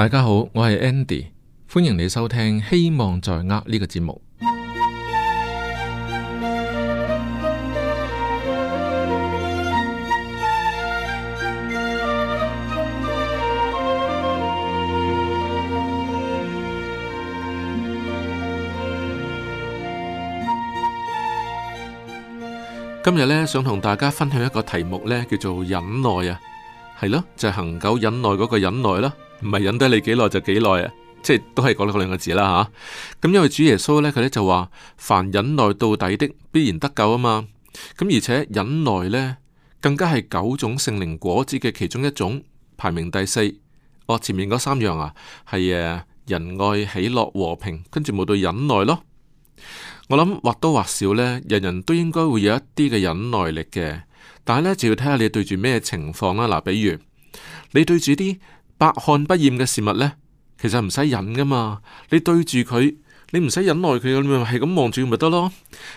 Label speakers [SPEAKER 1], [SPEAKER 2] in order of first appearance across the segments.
[SPEAKER 1] 大家好，我係 Andy，歡迎你收聽《希望在握》呢個節目。今日咧，想同大家分享一個題目咧，叫做忍耐啊，係咯，就係恒久忍耐嗰個忍耐啦。唔係忍得你幾耐就幾耐啊，即係都係講咗嗰兩個字啦吓。咁、啊、因為主耶穌呢，佢呢就話凡忍耐到底的必然得救啊嘛。咁、啊、而且忍耐呢，更加係九種聖靈果子嘅其中一種，排名第四。哦，前面嗰三樣啊，係誒仁愛、喜樂、和平，跟住冇到忍耐咯。我諗或多或少呢，人人都應該會有一啲嘅忍耐力嘅，但係呢，就要睇下你對住咩情況啦。嗱、啊，比如你對住啲。百看不厭嘅食物呢，其實唔使忍噶嘛，你對住佢，你唔使忍耐佢咁樣，係咁望住咪得咯。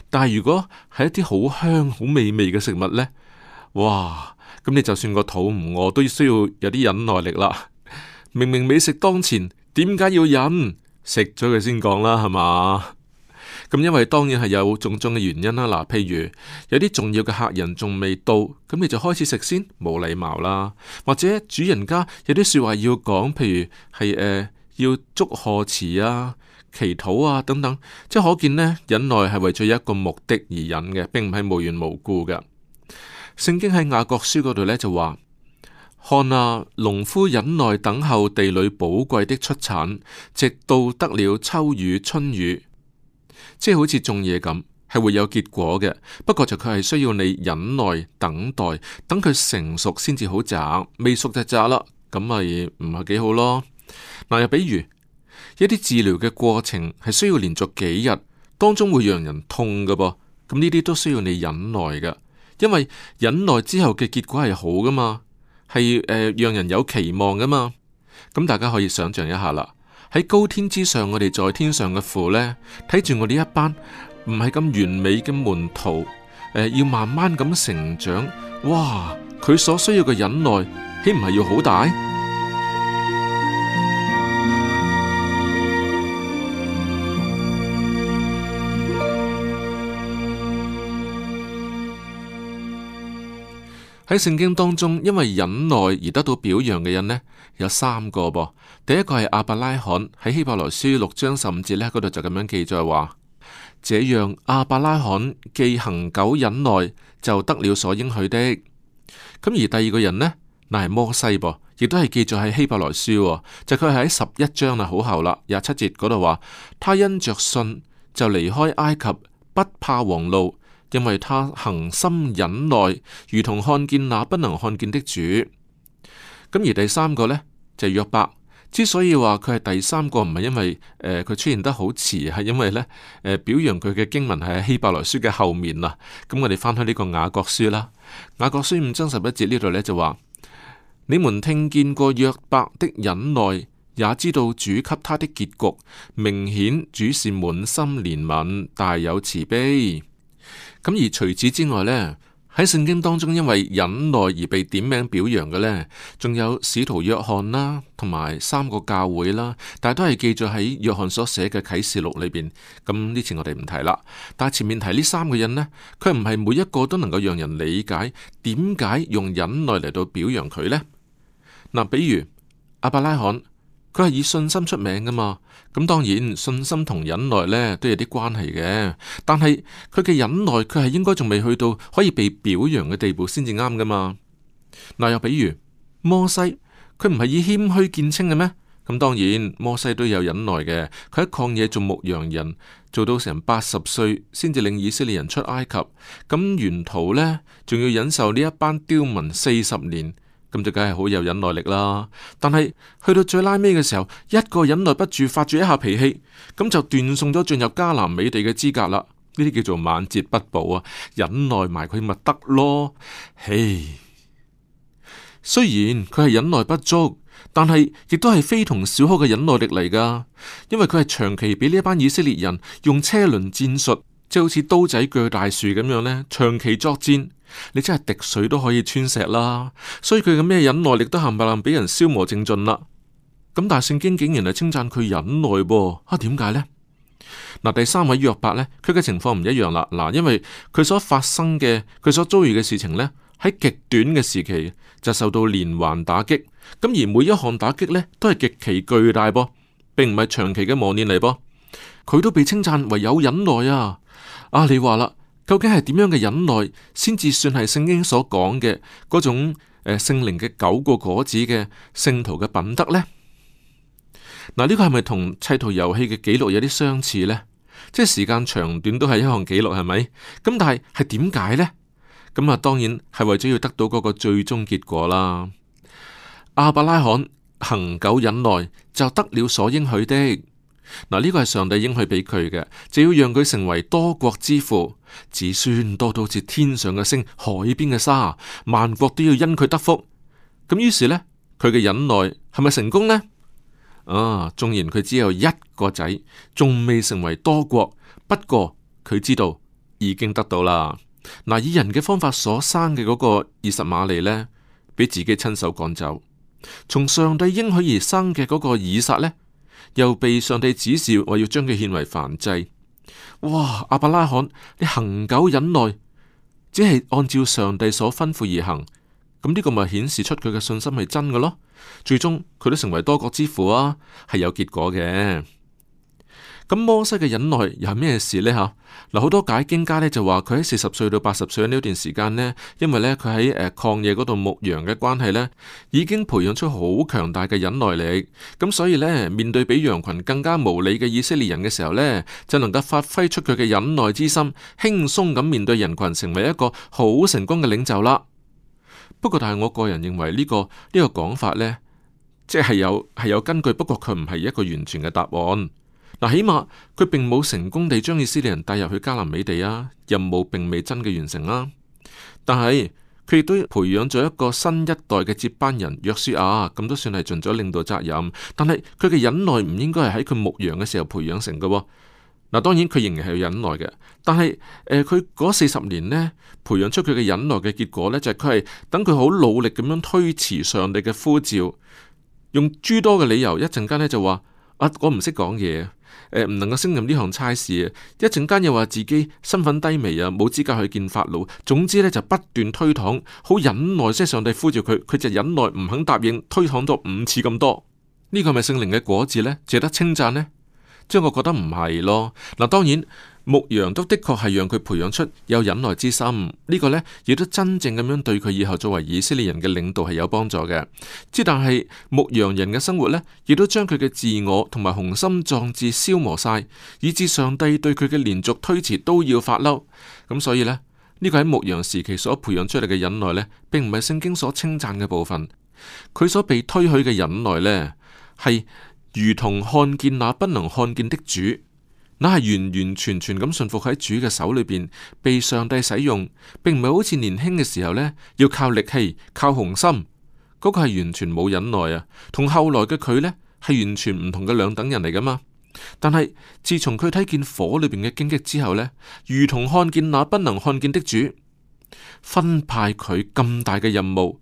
[SPEAKER 1] 但係如果係一啲好香、好美味嘅食物呢，哇，咁你就算個肚唔餓，都需要有啲忍耐力啦。明明美食當前，點解要忍？食咗佢先講啦，係嘛？咁因為當然係有種種嘅原因啦，嗱，譬如有啲重要嘅客人仲未到，咁你就開始食先，冇禮貌啦；或者主人家有啲說話要講，譬如係誒、呃、要祝賀詞啊、祈禱啊等等，即係可見呢，忍耐係為咗一個目的而忍嘅，並唔係無緣無故嘅。聖經喺雅各書嗰度呢，就話：看啊，農夫忍耐等候地裏寶貴的出產，直到得了秋雨春雨。即係好似種嘢咁，係會有結果嘅。不過就佢係需要你忍耐等待，等佢成熟先至好摘，未熟就摘啦，咁咪唔係幾好咯。嗱，又比如一啲治療嘅過程係需要連續幾日，當中會讓人痛嘅噃，咁呢啲都需要你忍耐嘅，因為忍耐之後嘅結果係好噶嘛，係誒讓人有期望噶嘛，咁大家可以想象一下啦。喺高天之上，我哋在天上嘅父呢，睇住我哋一班唔係咁完美嘅門徒，誒、呃，要慢慢咁成長，哇！佢所需要嘅忍耐，豈唔係要好大？喺聖經當中，因為忍耐而得到表揚嘅人呢，有三個噃。第一個係亞伯拉罕，喺希伯來書六章十五節呢嗰度就咁樣記載話：「這樣亞伯拉罕既恒久忍耐，就得了所應許的。」咁而第二個人呢，乃係摩西噃，亦都係記載喺希伯來書，就佢喺十一章啦，好後啦，廿七節嗰度話，「他因着信就離開埃及，不怕王怒。」因為他恒心忍耐，如同看見那不能看見的主。咁而第三個呢，就約、是、伯之所以話佢係第三個，唔係因為佢、呃、出現得好遲，係因為呢，呃、表揚佢嘅經文係希伯來書嘅後面啦。咁、嗯、我哋翻去呢個雅各書啦，雅各書五章十一節呢度呢，就話：你們聽見過約伯的忍耐，也知道主給他的結局，明顯主是滿心憐憫，大有慈悲。咁而除此之外呢，喺聖經當中，因為忍耐而被點名表揚嘅呢，仲有使徒約翰啦，同埋三個教會啦，但係都係記載喺約翰所寫嘅啟示錄裏邊。咁呢次我哋唔提啦。但係前面提呢三個人呢，佢唔係每一個都能夠讓人理解點解用忍耐嚟到表揚佢呢。嗱，比如亞伯拉罕，佢係以信心出名噶嘛。咁當然信心同忍耐呢都有啲關係嘅，但係佢嘅忍耐佢係應該仲未去到可以被表揚嘅地步先至啱噶嘛。嗱又比如摩西，佢唔係以謙虛見稱嘅咩？咁當然摩西都有忍耐嘅，佢喺曠野做牧羊人，做到成八十歲先至令以色列人出埃及。咁沿途呢，仲要忍受呢一班刁民四十年。咁就梗係好有忍耐力啦，但係去到最拉尾嘅時候，一個忍耐不住發住一下脾氣，咁就斷送咗進入加南美地嘅資格啦。呢啲叫做晚節不保啊！忍耐埋佢咪得咯，嘿。雖然佢係忍耐不足，但係亦都係非同小可嘅忍耐力嚟噶，因為佢係長期俾呢一班以色列人用車輪戰術，即係好似刀仔鋸大樹咁樣呢，長期作戰。你真係滴水都可以穿石啦，所以佢嘅咩忍耐力都冚唪唥俾人消磨精盡啦。咁但係聖經竟然係稱讚佢忍耐噃？啊，點解呢？嗱，第三位約伯呢，佢嘅情況唔一樣啦。嗱、啊，因為佢所發生嘅，佢所遭遇嘅事情呢，喺極短嘅時期就受到連環打擊，咁而每一項打擊呢，都係極其巨大噃，並唔係長期嘅磨練嚟噃。佢都被稱讚為有忍耐啊。啊，你話啦。究竟係點樣嘅忍耐先至算係聖經所講嘅嗰種誒聖靈嘅九個果子嘅聖徒嘅品德呢？嗱呢個係咪同砌圖遊戲嘅記錄有啲相似呢？即係時間長短都係一項記錄係咪？咁但係係點解呢？咁啊當然係為咗要得到嗰個最終結果啦。阿伯拉罕恒久忍耐，就得了所應許的。嗱，呢個係上帝應許俾佢嘅，就要讓佢成為多國之父，子孫多到似天上嘅星、海邊嘅沙，萬國都要因佢得福。咁於是呢，佢嘅忍耐係咪成功呢？啊，縱然佢只有一個仔，仲未成為多國，不過佢知道已經得到啦。嗱，以人嘅方法所生嘅嗰個以實瑪利呢，俾自己親手趕走；從上帝應許而生嘅嗰個以撒呢。又被上帝指示我要將佢獻為燔祭，哇！亞伯拉罕，你恒久忍耐，只係按照上帝所吩咐而行，咁呢個咪顯示出佢嘅信心係真嘅咯？最終佢都成為多國之父啊，係有結果嘅。咁摩西嘅忍耐又係咩事呢？吓嗱，好多解經家呢就話佢喺四十歲到八十歲呢段時間呢，因為呢，佢喺誒曠野嗰度牧羊嘅關係呢，已經培養出好強大嘅忍耐力。咁所以呢，面對比羊群更加無理嘅以色列人嘅時候呢，就能夠發揮出佢嘅忍耐之心，輕鬆咁面對人群，成為一個好成功嘅領袖啦。不過，但係我個人認為呢個呢個講法呢，即係有係有根據，不過佢唔係一個完全嘅答案。嗱，起碼佢並冇成功地將以色列人帶入去迦南美地啊，任務並未真嘅完成啦。但係佢亦都培養咗一個新一代嘅接班人約書亞，咁、啊、都算係盡咗領導責任。但係佢嘅忍耐唔應該係喺佢牧羊嘅時候培養成嘅。嗱，當然佢仍然係有忍耐嘅，但係佢嗰四十年呢，培養出佢嘅忍耐嘅結果呢，就係佢係等佢好努力咁樣推遲上帝嘅呼召，用諸多嘅理由，一陣間呢就話啊，我唔識講嘢。唔、呃、能夠升任呢項差事啊，一陣間又話自己身份低微啊，冇資格去見法老。總之呢，就不斷推搪，好忍耐。即係上帝呼召佢，佢就忍耐唔肯答應，推搪咗五次咁多。呢個係咪聖靈嘅果子呢？值得稱讚呢？將我覺得唔係咯。嗱，當然。牧羊都的確係讓佢培養出有忍耐之心，呢個呢，亦都真正咁樣對佢以後作為以色列人嘅領導係有幫助嘅。之但係牧羊人嘅生活呢，亦都將佢嘅自我同埋雄心壯志消磨晒，以致上帝對佢嘅連續推遲都要發嬲。咁所以呢，呢個喺牧羊時期所培養出嚟嘅忍耐呢，並唔係聖經所稱讚嘅部分。佢所被推許嘅忍耐呢，係如同看見那不能看見的主。那係完完全全咁信服喺主嘅手裏邊，被上帝使用，並唔係好似年輕嘅時候呢，要靠力氣、靠雄心，嗰個係完全冇忍耐啊。同後來嘅佢呢係完全唔同嘅兩等人嚟噶嘛。但係自從佢睇見火裏邊嘅荊棘之後呢，如同看見那不能看見的主，分派佢咁大嘅任務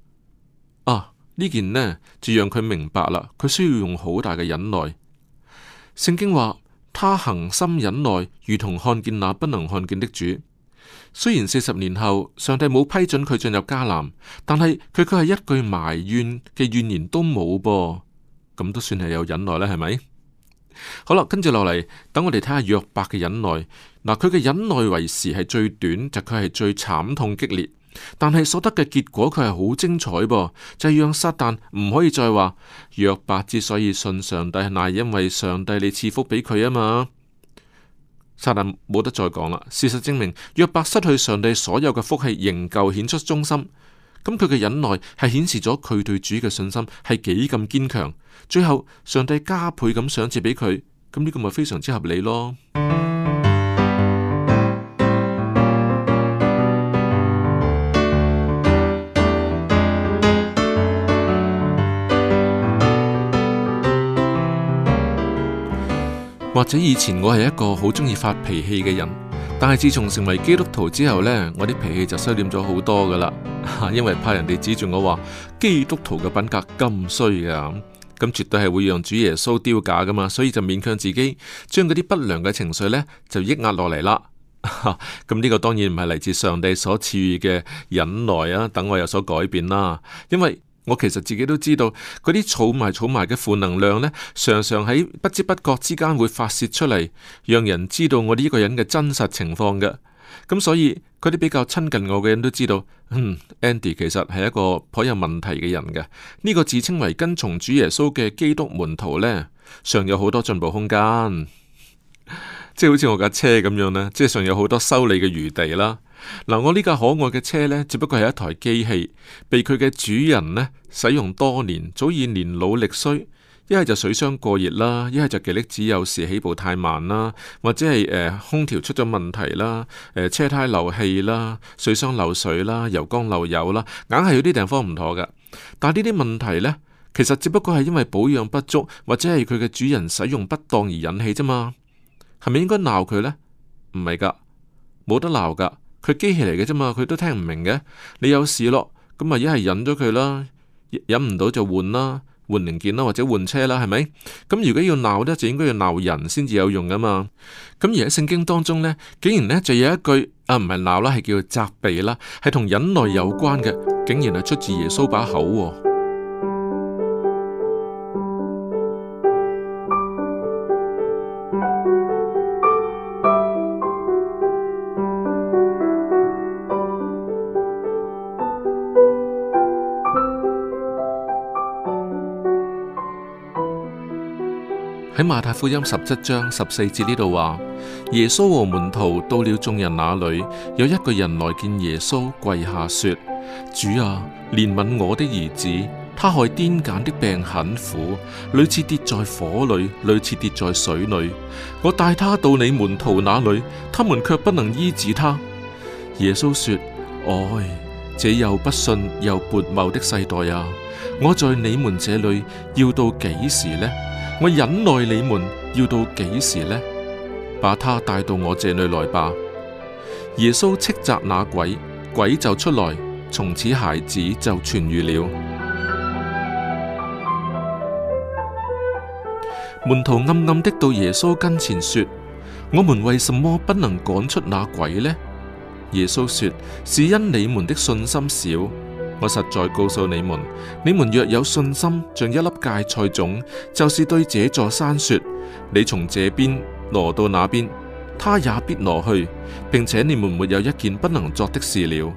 [SPEAKER 1] 啊！呢件呢就讓佢明白啦，佢需要用好大嘅忍耐。聖經話。他恆心忍耐，如同看見那不能看見的主。雖然四十年後，上帝冇批准佢進入迦南，但係佢卻係一句埋怨嘅怨言都冇噃，咁都算係有忍耐啦，係咪？好啦，跟住落嚟，等我哋睇下約伯嘅忍耐。嗱，佢嘅忍耐為時係最短，就佢、是、係最慘痛激烈。但係所得嘅結果，佢係好精彩噃，就係、是、讓撒旦唔可以再話約伯之所以信上帝，乃因為上帝你賜福俾佢啊嘛。撒旦冇得再講啦。事實證明，約伯失去上帝所有嘅福氣，仍舊顯出忠心。咁佢嘅忍耐係顯示咗佢對主嘅信心係幾咁堅強。最後上帝加倍咁賞賜俾佢，咁呢個咪非常之合理咯。且以前我係一個好鍾意發脾氣嘅人，但係自從成為基督徒之後咧，我啲脾氣就收斂咗好多噶啦，因為怕人哋指住我話基督徒嘅品格咁衰啊，咁絕對係會讓主耶穌丟架噶嘛，所以就勉強自己將嗰啲不良嘅情緒咧就抑壓落嚟啦。咁 呢個當然唔係嚟自上帝所賜予嘅忍耐啊，等我有所改變啦，因為。我其實自己都知道，嗰啲儲埋儲埋嘅負能量呢，常常喺不知不覺之間會發洩出嚟，讓人知道我呢個人嘅真實情況嘅。咁所以，嗰啲比較親近我嘅人都知道，嗯，Andy 其實係一個頗有問題嘅人嘅。呢個自稱為跟從主耶穌嘅基督門徒呢，尚有好多進步空間，即係好似我架車咁樣呢，即係尚有好多修理嘅餘地啦。嗱，我呢架可愛嘅車呢，只不過係一台機器，被佢嘅主人呢使用多年，早已年老力衰。一係就水箱過熱啦，一係就極力子有時起步太慢啦，或者係誒、呃、空調出咗問題啦，誒、呃、車胎漏氣啦，水箱漏水啦，油缸漏油啦，硬係有啲地方唔妥噶。但係呢啲問題呢，其實只不過係因為保養不足，或者係佢嘅主人使用不當而引起啫嘛，係咪應該鬧佢呢？唔係噶，冇得鬧噶。佢機器嚟嘅啫嘛，佢都聽唔明嘅。你有事咯，咁咪一係忍咗佢啦，忍唔到就換啦，換零件啦，或者換車啦，係咪？咁如果要鬧呢，就應該要鬧人先至有用噶嘛。咁而喺聖經當中呢，竟然呢就有一句啊，唔係鬧啦，係叫責備啦，係同忍耐有關嘅，竟然係出自耶穌把口啊。喺馬太福音十七章十四節呢度話，耶穌和門徒到了眾人那裏，有一個人來見耶穌，跪下說：主啊，憐憫我的兒子，他害癲癇的病很苦，屢次跌在火裏，屢次跌在水裏。我帶他到你門徒那裏，他們卻不能醫治他。耶穌說：唉、哎，這又不信又悖謬的世代啊！我在你們這裏要到幾時呢？我忍耐你們要到幾時呢？把他帶到我這裏來吧。耶穌斥責那鬼，鬼就出來，從此孩子就痊愈了。 門徒暗暗的到耶穌跟前說：我們為什麼不能趕出那鬼呢？耶穌說：是因你們的信心少。我實在告訴你們，你們若有信心，像一粒芥菜種，就是對這座山說：你從這邊挪到那邊，他也必挪去，並且你們沒有一件不能做的事了。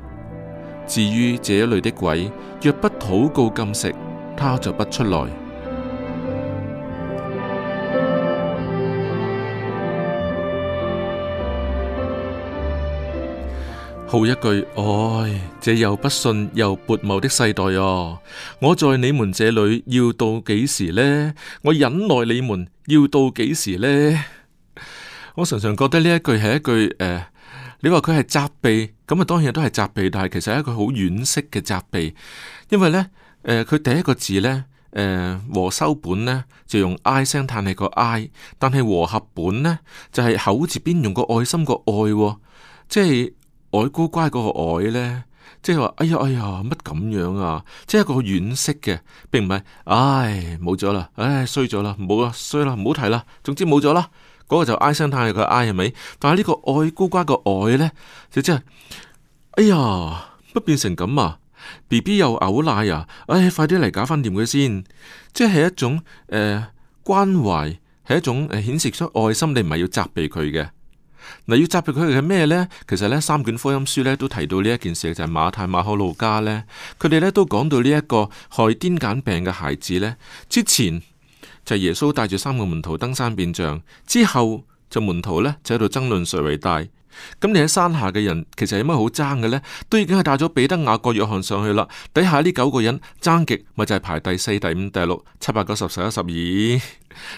[SPEAKER 1] 至於這一類的鬼，若不禱告禁食，他就不出來。好一句，唉！這又不信又悖謬的世代哦，我在你們這裏要到幾時呢？我忍耐你們要到幾時呢？我常常覺得呢一句係一句誒，你話佢係責備，咁啊，當然都係責備，但係其實係一句好軟式嘅責備，因為咧，誒，佢第一個字咧，誒，和修本咧就用唉聲嘆氣個唉，但係和合本咧就係口字邊用個愛心個愛，即係。愛姑乖嗰個愛呢，就是哎哎啊那個呢，即係話哎呀哎呀乜咁樣啊！即係一個軟式嘅，並唔係，唉冇咗啦，唉衰咗啦，冇啦衰啦，唔好睇啦，總之冇咗啦。嗰個就唉聲嘆氣，佢唉係咪？但係呢個愛姑乖個愛呢，就即係，哎呀乜變成咁啊！B B 又嘔奶啊！唉、哎，快啲嚟搞翻掂佢先。即係一種誒、呃、關懷，係一種誒顯、呃、示出愛心。你唔係要責備佢嘅。嗱，要摘佢哋係咩呢？其實呢三卷福音書呢都提到呢一件事，就係、是、馬太、馬可、路加呢佢哋呢都講到呢一個害癲癇病嘅孩子呢，之前就耶穌帶住三個門徒登山變像，之後就門徒呢就喺度爭論誰為大。咁你喺山下嘅人，其實有乜好爭嘅呢？都已經係帶咗彼得、雅各、約翰上去啦。底下呢九個人爭極，咪就係、是、排第四、第五、第六、七、八、九、十、十一、十二。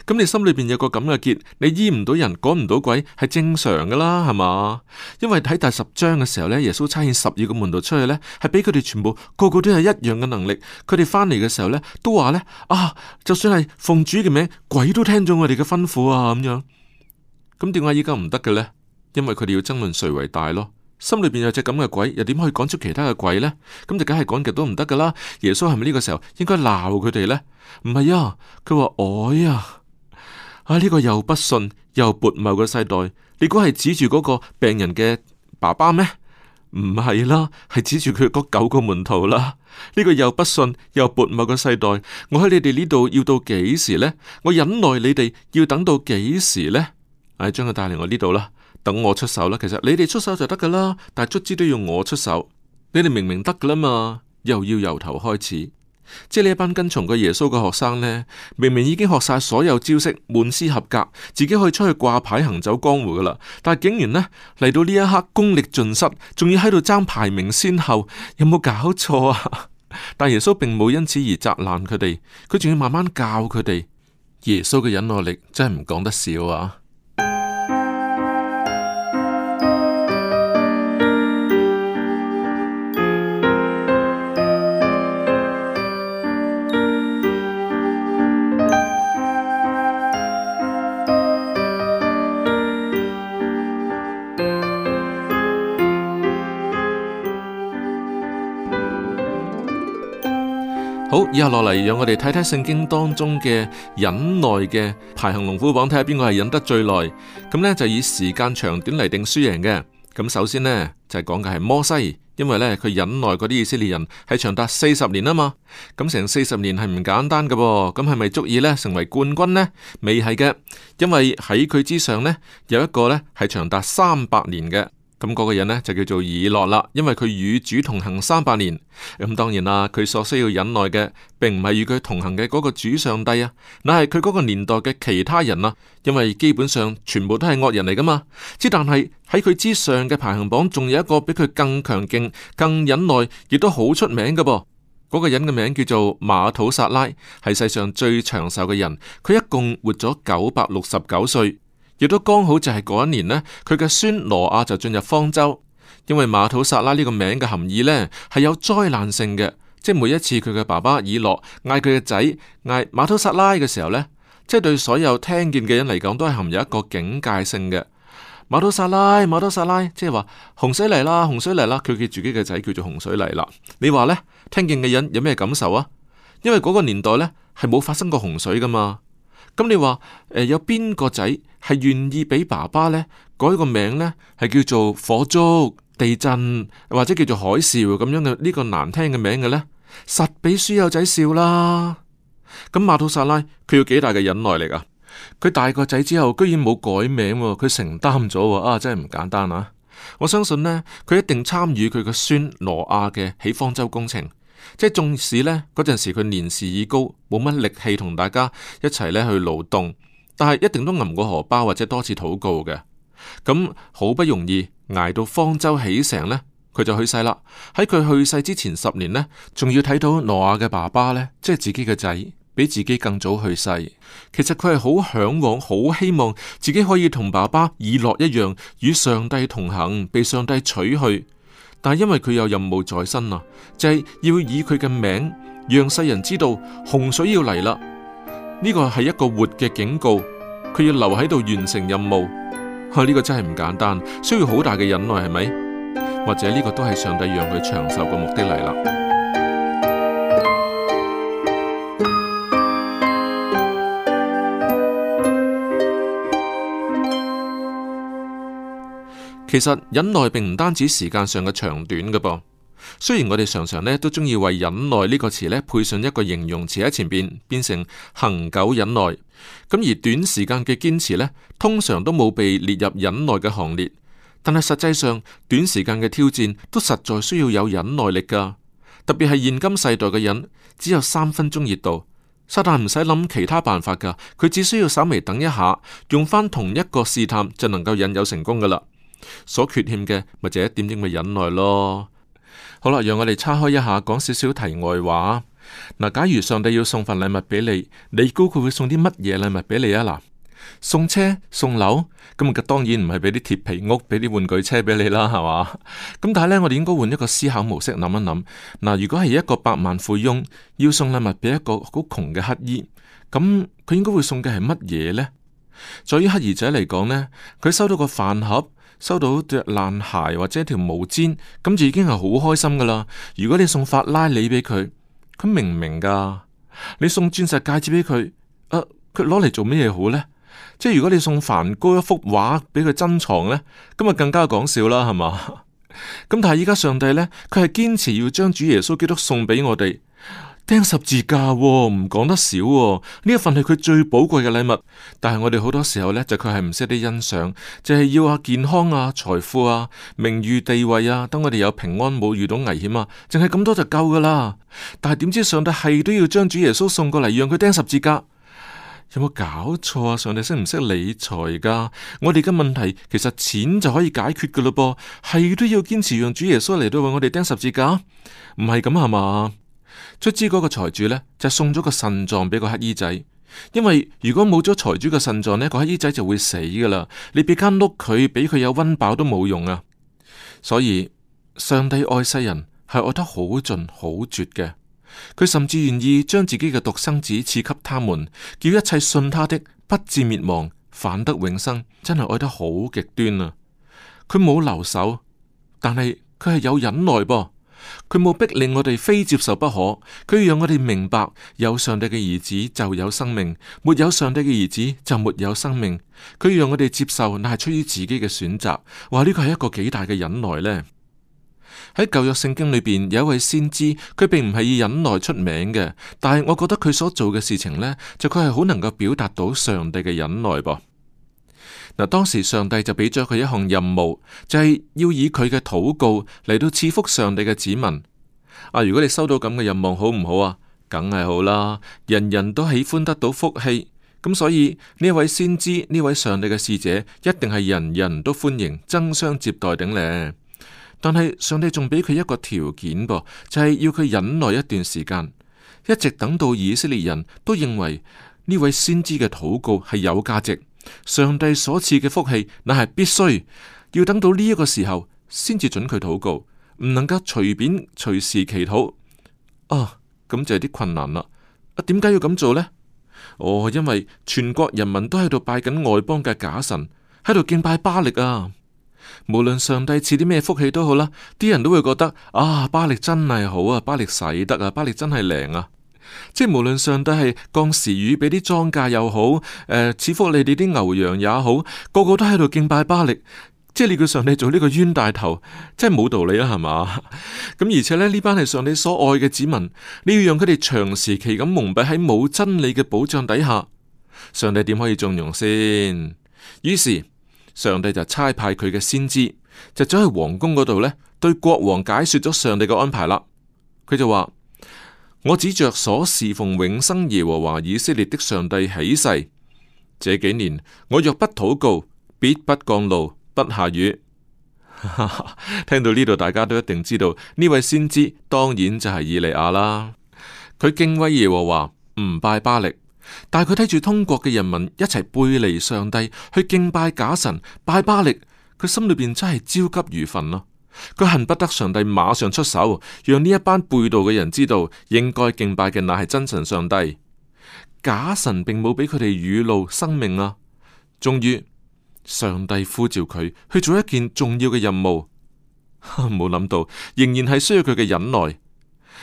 [SPEAKER 1] 咁 你心裏邊有個咁嘅結，你醫唔到人，趕唔到鬼，係正常噶啦，係嘛？因為喺第十章嘅時候呢，耶穌差遣十二個門徒出去呢，係俾佢哋全部個個都係一樣嘅能力。佢哋翻嚟嘅時候呢，都話呢：「啊，就算係奉主嘅名，鬼都聽咗我哋嘅吩咐啊」咁樣。咁點解依家唔得嘅呢？因為佢哋要爭論誰為大咯，心裏邊有隻咁嘅鬼，又點可以趕出其他嘅鬼呢？咁就梗係趕極都唔得噶啦！耶穌係咪呢個時候應該鬧佢哋呢？唔係啊，佢話我呀，啊呢、這個又不信又悖謬嘅世代，你估係指住嗰個病人嘅爸爸咩？唔係啦，係指住佢嗰九個門徒啦。呢、這個又不信又悖謬嘅世代，我喺你哋呢度要到幾時呢？我忍耐你哋要等到幾時呢？唉、啊，將佢帶嚟我呢度啦。等我出手啦，其實你哋出手就得噶啦，但係卒之都要我出手。你哋明明得噶啦嘛，又要由頭開始。即係呢一班跟從個耶穌嘅學生呢，明明已經學晒所有招式，滿師合格，自己可以出去掛牌行走江湖噶啦，但係竟然呢，嚟到呢一刻功力盡失，仲要喺度爭排名先後，有冇搞錯啊？ 但耶穌並冇因此而責難佢哋，佢仲要慢慢教佢哋。耶穌嘅忍耐力真係唔講得少啊！以下落嚟，讓我哋睇睇聖經當中嘅忍耐嘅排行龍虎榜，睇下邊個係忍得最耐。咁呢就以時間長短嚟定輸贏嘅。咁首先呢，就係講嘅係摩西，因為呢，佢忍耐嗰啲以色列人係長達四十年啊嘛。咁成四十年係唔簡單㗎噃，咁係咪足以呢成為冠軍呢？未係嘅，因為喺佢之上呢，有一個呢係長達三百年嘅。咁嗰個人呢，就叫做以諾啦，因為佢與主同行三百年。咁、嗯、當然啦、啊，佢所需要忍耐嘅，並唔係與佢同行嘅嗰個主上帝啊，乃係佢嗰個年代嘅其他人啊，因為基本上全部都係惡人嚟噶嘛。之但係喺佢之上嘅排行榜，仲有一個比佢更強勁、更忍耐，亦都好出名嘅噃、啊。嗰、那個人嘅名叫做馬土薩拉，係世上最長壽嘅人，佢一共活咗九百六十九歲。亦都剛好就係嗰一年呢，佢嘅孫羅亞就進入方舟，因為馬土撒拉呢個名嘅含義呢係有災難性嘅，即係每一次佢嘅爸爸以諾嗌佢嘅仔嗌馬土撒拉嘅時候呢，即係對所有聽見嘅人嚟講都係含有一個警戒性嘅。馬土撒拉，馬土撒拉，即係話洪水嚟啦，洪水嚟啦，佢叫自己嘅仔叫做洪水嚟啦。你話呢，聽見嘅人有咩感受啊？因為嗰個年代呢係冇發生過洪水噶嘛。咁你話誒、呃、有邊個仔係願意俾爸爸呢，改個名呢，係叫做火燭、地震，或者叫做海嘯咁樣嘅呢、呢個難聽嘅名嘅呢，實俾書友仔笑啦。咁馬杜薩拉佢有幾大嘅忍耐力啊？佢大個仔之後居然冇改名喎，佢承擔咗啊，真係唔簡單啊！我相信呢，佢一定參與佢個孫挪亞嘅起方舟工程。即係縱使呢嗰陣時佢年事已高，冇乜力氣同大家一齊呢去勞動，但係一定都冚過荷包或者多次禱告嘅。咁好不容易挨到方舟起成呢，佢就去世啦。喺佢去世之前十年呢，仲要睇到挪亞嘅爸爸呢，即係自己嘅仔，比自己更早去世。其實佢係好嚮往、好希望自己可以同爸爸以諾一樣，與上帝同行，被上帝取去。但因為佢有任務在身啊，就係、是、要以佢嘅名讓世人知道洪水要嚟啦。呢、這個係一個活嘅警告，佢要留喺度完成任務。啊，呢、這個真係唔簡單，需要好大嘅忍耐，係咪？或者呢個都係上帝讓佢長壽嘅目的嚟啦。其實忍耐並唔單止時間上嘅長短嘅噃。雖然我哋常常咧都中意為忍耐個詞呢個詞咧配上一個形容詞喺前邊，變成恒久忍耐咁。而短時間嘅堅持咧，通常都冇被列入忍耐嘅行列。但係實際上，短時間嘅挑戰都實在需要有忍耐力噶。特別係現今世代嘅人，只有三分鐘熱度，撒但唔使諗其他辦法噶，佢只需要稍微等一下，用翻同一個試探就能夠引誘成功噶啦。所缺欠嘅，咪就是、一點啲咪忍耐咯。好啦，讓我哋岔開一下，講少少題外話。嗱、啊，假如上帝要送份禮物俾你，你估佢會送啲乜嘢禮物俾你啊？嗱，送車送樓，咁嘅當然唔係俾啲鐵皮屋，俾啲玩具車俾你啦，係嘛？咁但係呢，我哋應該換一個思考模式諗一諗。嗱、啊，如果係一個百萬富翁要送禮物俾一個好窮嘅乞兒，咁佢應該會送嘅係乜嘢呢？在於乞兒仔嚟講呢，佢收到個飯盒，收到對爛鞋或者條毛氈，咁就已經係好開心噶啦。如果你送法拉利俾佢，佢明唔明噶？你送鑽石戒指俾佢，佢攞嚟做咩嘢好呢？即係如果你送梵高一幅畫俾佢珍藏呢，咁啊更加講笑啦，係嘛？咁 但係依家上帝呢，佢係堅持要將主耶穌基督送俾我哋。釘十字架、哦，唔講得少、哦。呢一份係佢最寶貴嘅禮物，但係我哋好多時候呢，就佢係唔識啲欣賞，就係要下健康啊財富啊名譽地位啊，等我哋有平安冇遇到危險啊，淨係咁多就夠噶啦。但係點知上帝係都要將主耶穌送過嚟，讓佢釘十字架，啊、有冇搞錯啊？上帝識唔識理財噶？我哋嘅問題其實錢就可以解決噶咯噃，係都要堅持讓主耶穌嚟到為我哋釘十字架，唔係咁係嘛？卒之嗰個財主呢，就是、送咗個腎臟俾個乞衣仔，因為如果冇咗財主個腎臟呢，個乞衣仔就會死噶啦。你俾間屋佢，俾佢有溫飽都冇用啊！所以上帝愛世人係愛得好盡好絕嘅，佢甚至願意將自己嘅獨生子賜給他們，叫一切信他的不至滅亡，反得永生。真係愛得好極端啊！佢冇留手，但係佢係有忍耐噃。佢冇逼令我哋非接受不可，佢要讓我哋明白有上帝嘅兒子就有生命，沒有上帝嘅兒子就沒有生命。佢要讓我哋接受，那係出於自己嘅選擇。話呢個係一個幾大嘅忍耐咧。喺舊約聖經裏邊，有一位先知，佢並唔係以忍耐出名嘅，但係我覺得佢所做嘅事情咧，就佢係好能夠表達到上帝嘅忍耐噃。嗱，當時上帝就俾咗佢一項任務，就係要以佢嘅禱告嚟到賜福上帝嘅子民。啊，如果你收到咁嘅任務，好唔好啊？梗係好啦，人人都喜歡得到福氣。咁所以呢位先知，呢位上帝嘅使者，一定係人人都歡迎、爭相接待頂咧。但係上帝仲俾佢一個條件噃，就係要佢忍耐一段時間，一直等到以色列人都認為呢位先知嘅禱告係有價值。上帝所賜嘅福氣，那係必須要等到呢一個時候先至准佢禱告，唔能夠隨便隨時祈禱。啊，咁就係啲困難啦。啊，點解要咁做呢？哦，因為全國人民都喺度拜緊外邦嘅假神，喺度敬拜巴力啊。無論上帝賜啲咩福氣都好啦，啲人都會覺得啊，巴力真係好啊，巴力使得啊，巴力真係靈啊。即係無論上帝係降時雨俾啲莊稼又好，誒、呃，似乎你哋啲牛羊也好，個個都喺度敬拜巴力，即係你叫上帝做呢個冤大頭，真係冇道理啊，係嘛？咁 而且咧呢班係上帝所愛嘅子民，你要讓佢哋長時期咁蒙蔽，喺冇真理嘅保障底下，上帝點可以縱容先？於是上帝就差派佢嘅先知，就走去皇宮嗰度呢，對國王解說咗上帝嘅安排啦。佢就話。我指着所侍奉永生耶和華以色列的上帝起誓，這幾年我若不禱告，必不降露，不下雨。 聽到呢度，大家都一定知道呢位先知當然就係以利亞啦。佢敬畏耶和華，唔拜巴力，但係佢睇住通國嘅人民一齊背離上帝去敬拜假神拜巴力，佢心裏邊真係焦急如焚咯、啊。佢恨不得上帝馬上出手，讓呢一班背道嘅人知道應該敬拜嘅乃係真神上帝。假神並冇俾佢哋雨露生命啊！終於，上帝呼召佢去做一件重要嘅任務。冇諗到，仍然係需要佢嘅忍耐。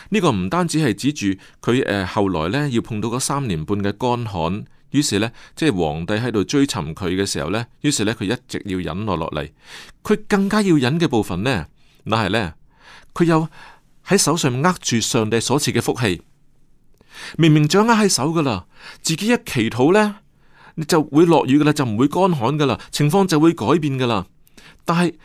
[SPEAKER 1] 呢個唔單止係指住佢誒，後來咧要碰到嗰三年半嘅乾旱。於是呢，即係皇帝喺度追尋佢嘅時候呢，於是呢佢一直要忍耐落嚟。佢更加要忍嘅部分呢，乃係呢佢有喺手上握住上帝所賜嘅福氣，明明掌握喺手噶啦，自己一祈禱呢，你就會落雨噶啦，就唔會乾旱噶啦，情況就會改變噶啦。但係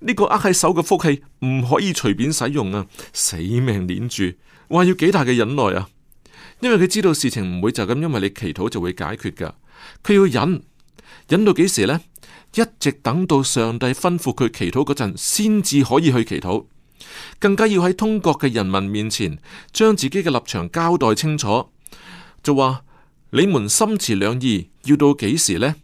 [SPEAKER 1] 呢個握喺手嘅福氣唔可以隨便使用啊，死命捻住，話要幾大嘅忍耐啊！因為佢知道事情唔會就咁，因為你祈禱就會解決噶。佢要忍，忍到幾時呢？一直等到上帝吩咐佢祈禱嗰陣，先至可以去祈禱。更加要喺通國嘅人民面前，將自己嘅立場交代清楚。就話你們心持兩意，要到幾時呢？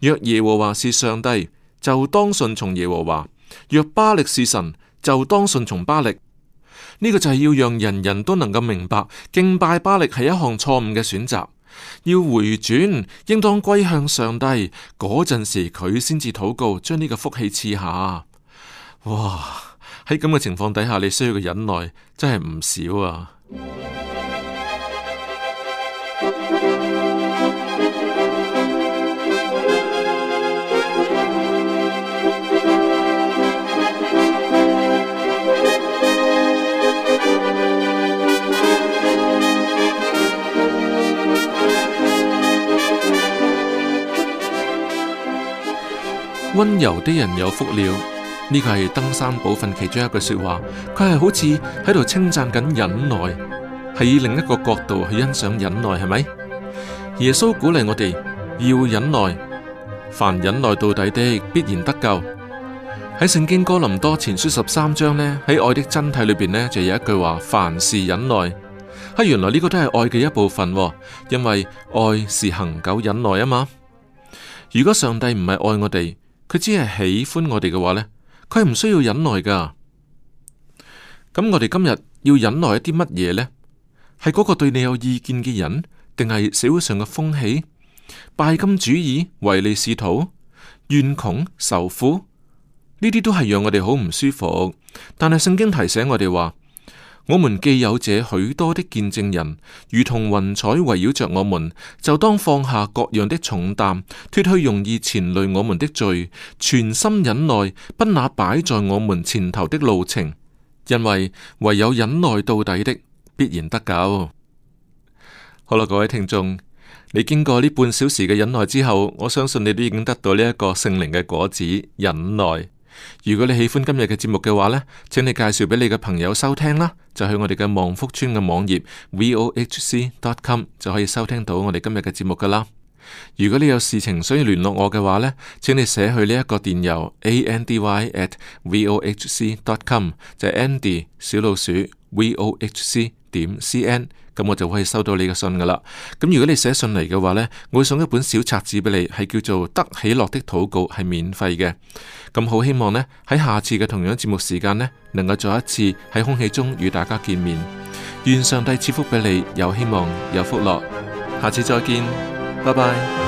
[SPEAKER 1] 若耶和華是上帝，就當順從耶和華；若巴力是神，就當順從巴力。呢個就係要讓人人都能夠明白，敬拜巴力係一項錯誤嘅選擇，要回轉，應當歸向上帝。嗰陣時佢先至禱告，將呢個福氣賜下。哇！喺咁嘅情況底下，你需要嘅忍耐真係唔少啊！溫柔的人有福了。呢個係登山寶訓其中一句說話，佢係好似喺度稱讚緊忍耐，係以另一個角度去欣賞忍耐，係咪？耶穌鼓勵我哋要忍耐，凡忍耐到底的必然得救。喺聖經哥林多前書十三章呢，喺愛的真諦裏面呢，就有一句話：凡事忍耐。喺原來呢個都係愛嘅一部分，因為愛是恆久忍耐啊嘛。如果上帝唔係愛我哋。佢只係喜歡我哋嘅話呢，佢係唔需要忍耐噶。咁我哋今日要忍耐一啲乜嘢呢？係嗰個對你有意見嘅人，定係社會上嘅風氣、拜金主義、唯利是圖、怨窮仇富？呢啲都係讓我哋好唔舒服。但係聖經提醒我哋話。我們既有這許多的見證人，如同雲彩圍繞着我們，就當放下各樣的重擔，脱去容易纏累我們的罪，存心忍耐，奔那擺在我們前頭的路程，因為唯有忍耐到底的，必然得救。好啦，各位聽眾，你經過呢半小時嘅忍耐之後，我相信你都已經得到呢一個聖靈嘅果子——忍耐。如果你喜歡今日嘅節目嘅話咧，請你介紹俾你嘅朋友收聽啦。就去我哋嘅望福村嘅網頁 vohc.com 就可以收聽到我哋今日嘅節目噶啦。如果你有事情需要聯絡我嘅話咧，請你寫去呢一個電郵 andy@vohc.com，就係 Andy 小老鼠 vohc。V-O-H-C. 點 C N，咁我就可以收到你嘅信噶啦。咁如果你寫信嚟嘅話咧，我會送一本小冊子俾你，係叫做《得喜樂的禱告》，係免費嘅。咁好希望咧，喺下次嘅同樣節目時間咧，能夠再一次喺空氣中與大家見面。願上帝賜福俾你，有希望，有福樂。下次再見，拜拜。